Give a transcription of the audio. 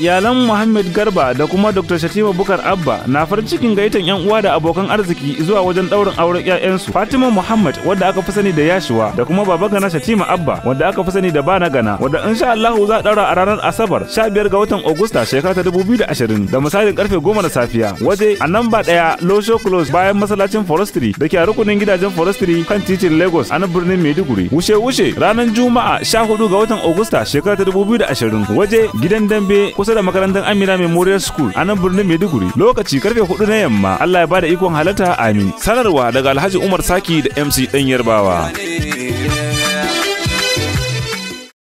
iyalan Muhammad Garba da kuma Dr. Shatima Bukar Abba na farin cikin gaitan yan uwa da abokan arziki zuwa wajen ɗaurin auren ƴaƴansu Fatima Muhammad wadda aka fi sani da Yashuwa da kuma baba Gana Shatima Abba wanda aka fi sani da Bana Gana wadda insha Allah za a ɗaura a ranar Asabar 15 ga watan Agusta shekara ta 2020 da misalin karfe 10 na safiya waje a namba ɗaya Losho Close bayan masallacin Forestry da ke a rukunin gidajen Forestry kan titin Lagos a nan birnin Maiduguri Wushe-wushe ranar Juma'a 14 ga watan Agusta shekara ta 2020 waje gidan dambe kusa kusa da makarantar Amina Memorial School a nan birnin Maiduguri lokaci karfe 4 na yamma Allah ya bada ikon halarta amin sanarwa daga Alhaji Umar Saki da MC Dan Yarbawa